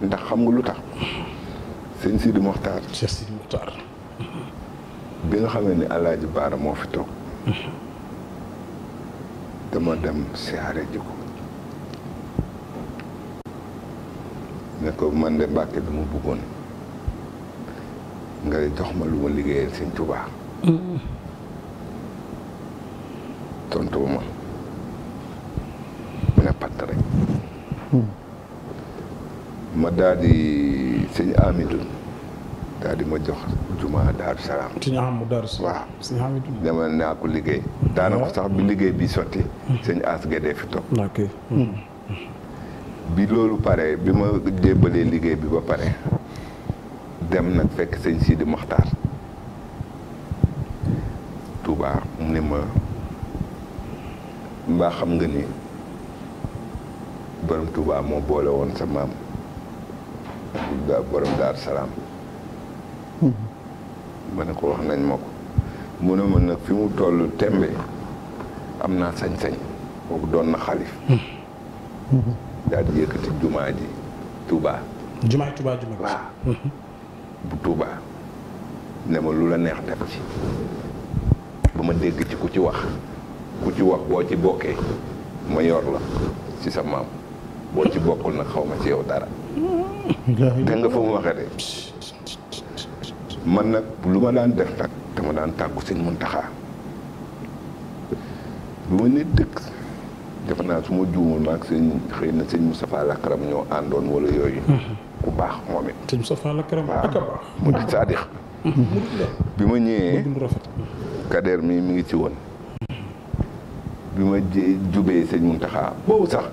ndax xam nga lu tax sëñ Sidi Mokhtar. Cheikh bi nga xamee ni El Hadj Baara moo fi toog. dama dem siyaare ji ko. ne ko man de Mbàkke dama bëggoon nga jox ma lu ma liggéeyal sëñ Tuubaa. Mm-hmm. tontu ma daal di sëñ Amidou daal di ma jox juma Daaru Salaam. siñ Amidou Daaru Salaam waaw. sëñ Amidou dama naa ko liggéey. Mm-hmm. daanaka sax bi mm-hmm. liggéey bi sotti. Mm-hmm. sëñ As Guède fi toog. ok. bi loolu pare bi ma jébbalee liggéey bi ba pare dem nag fekk sëñ Sidi Mokhtar Touba mu ne ma mbaa xam nga ni borom Touba moo boole woon sa maam. borom daar salaam ma ne ko wax nañ ma ko mu ne ma nag fi mu toll tembe am naa sañ-sañ kooku doon na xalif daal yëkkati jumaa ji Touba. jumaa Touba jumaa bu Touba ne ma lu la neex def ci ba ma dégg ci ku ci wax ku ci wax boo ci bokkee ma yor la ci sa maam boo ci bokkul na xaw ma ci yow dara. te nga fa mu waxee de man nag lu ma daan def nag dama daan tàggu sëñ Muntaxa bu ma ne dëkk defe naa su ma juumul maag sëñ xëy na sëñ Moustapha Lakaram ñoo àndoon wala yooyu. Mm-hmm. ku baax moom it. sëñ a mu di Saadix mm-hmm. bi ma ñëwee. Kader mi mu ngi ci woon. bi ma jubee sëñ Muntaxa boobu sax.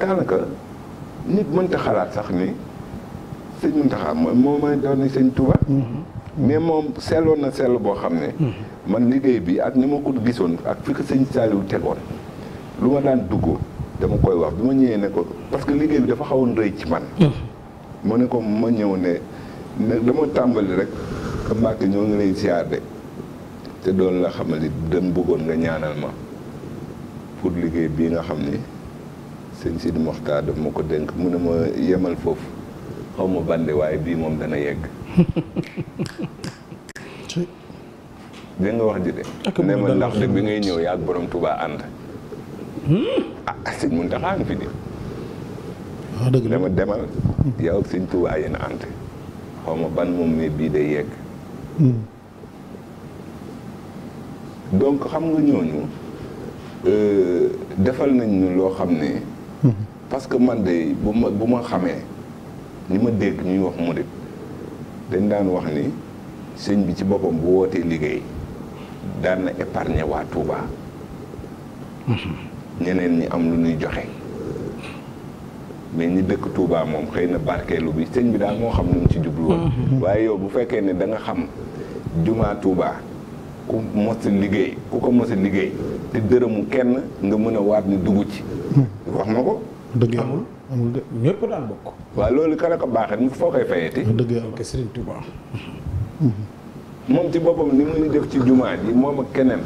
daanaka nit mënta xalaat sax ni sëñ Muntaxa moo may doon ni sëñ Tuuba mm-hmm. mais moom seetloon na seetlu boo xam ne mm-hmm. man liggéey bi ak ni ma ko gisoon ak fi ko sëñ Saaliw tegoon lu ma daan dugg dama koy wax bi ma ñëwee ne ko parce que liggéey bi dafa xawoon rëy ci man mm-hmm. ma ne ko ma ñëw ne dama tàmbali rek que Mbàkke ñoo ngi lay siyaar de te doon la xamal ni dama bëggoon nga ñaanal ma pour liggéey bii nga xam ni sëñ Sidi Moxtaar daf ma ko dénk mu ne ma yemal foofu xaw ma bandi waaye bii moom dana yegg. dégg nga wax ji de. ne ma ndax de bi ngay ñëw yaa ak borom Touba ànd. Hmm? ah sëñ Muntaxa fi de. wax ah, dëgg la ma demal. yow ak sëñ Touba yéen ànd. xaw ma ban moom mais bii day yegg. Hmm. donc xam nga ñooñu euh, defal nañ loo xam ne. parce que man de bu ma bu ma xamee ni ma dégg ñuy wax murit dañ daan wax ni sëñ bi ci boppam bu wootee liggéey daan na épargne waa tuuba ñeneen ñi am lu ñuy joxe mais ñi dëkk Touba moom xëy na barkeelu bi sëñ bi daal moo xam lu mu ci jublu woon mm-hmm. waaye yow bu fekkee ne danga xam jumaa Touba. ku mos liggéey ku ko mos liggéey te dërëmu kenn nga mën a waat ni dugg ci. Hmm. wax na ko. dëgg amul amul de ñëpp daan bokk. waaw loolu kan ko baaxee mu foo koy fayati. dëgg yàlla kay Serigne moom ci boppam ni mu ngi def ci jumaa ji moom ak keneen.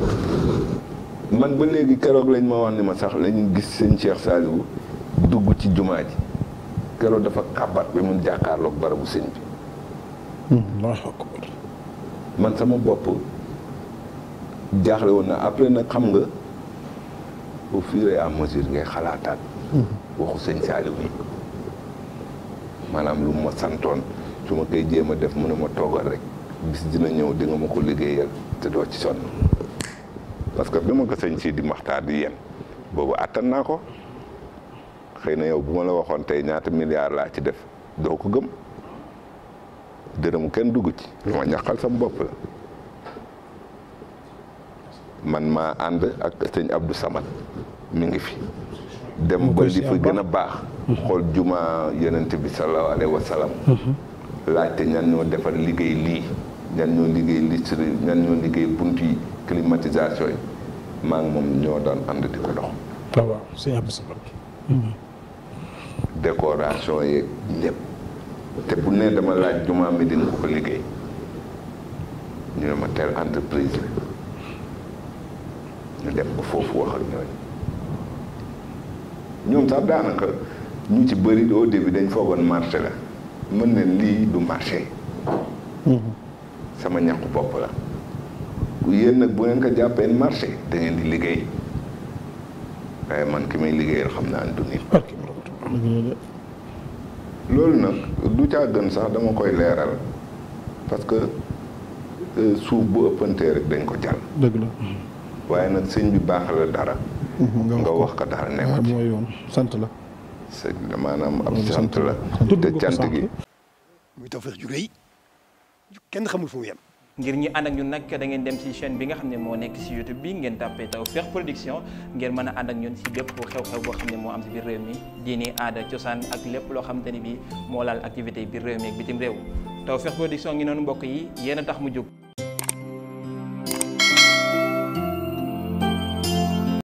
man ba léegi keroog lañ ma wax ni ma sax lañu gis seen Cheikh Saliou dugg ci jumaa ji keroog dafa xabaat bi mun jàkkaarloog barabu sëñ bi. Hmm. Allahu man sama bopp. jaaxle woon na après nag xam nga au fur et mesure ngay xalaataat. Mm-hmm. waxu sëñ Saliou nii maanaam lu ma santoon su ma koy jéem a def mu ne ma toogal rek bis dina ñëw di ma ko liggéeyal te doo ci sonn parce que bi ma ko sëñ si di maxtaar di yéen boobu attan naa ko xëy na yow bu ma la waxoon tey ñaata milliards laa ci def doo ko gëm dërëm kenn dugg ci. lu ma ñaqal sama bopp la. man maa ànd ak sëñ Abdou Samad mu ngi fi dem ba li fi gën a baax mhm. xool juma yonent bi sallallahu alayhi wa sallam mhm. laajte ñan ñoo defar liggéey lii ñan ñoo liggéey litre ñan ñoo liggéey bunt yi climatisation yi maa ngi moom ñoo daan ànd di ko dox ah waaw sëñ Abdou Samad mhm. décoration yeeg te bu ne dama laaj juma Médine ku ko liggéey ñu ne ma teel entreprise ñu dem ba foofu wax ak ñooñu ñoom sax daanaka ñu ci bëri au début dañ foogoon marché la mën ne lii du marché sama ñaqu bopp la yéen nag bu ngeen ko jàppee marché da ngeen di liggéey waaye man ki may liggéeyal xam naa ne du nit loolu nag du caa sax dama koy leeral parce que euh, suuf bu ëppantee rek dañ ko jàll dëgg la waaye nag sëñ bi baax la dara. Mhm, nga wax ko dara nekk ci mooy yoon sant la. sëñ bi maanaam ab sant la. te cant gi. muy Tawfekh ju rëy kenn xamul fu mu yem. ngir ñi ànd ak ñun nag da ngeen dem ci chain bi nga xam ne moo nekk ci YouTube bi ngeen tàppee Tawfekh Production ngeen mën a ànd ak ñun ci bépp xew-xew boo xam ne moo am ci biir réew mi diini aada cosaan ak lépp loo xamante ni bi moo laal activité biir réew mi bitim réew Tawfekh Production ngi noonu mbokk yi yéen tax mu jóg.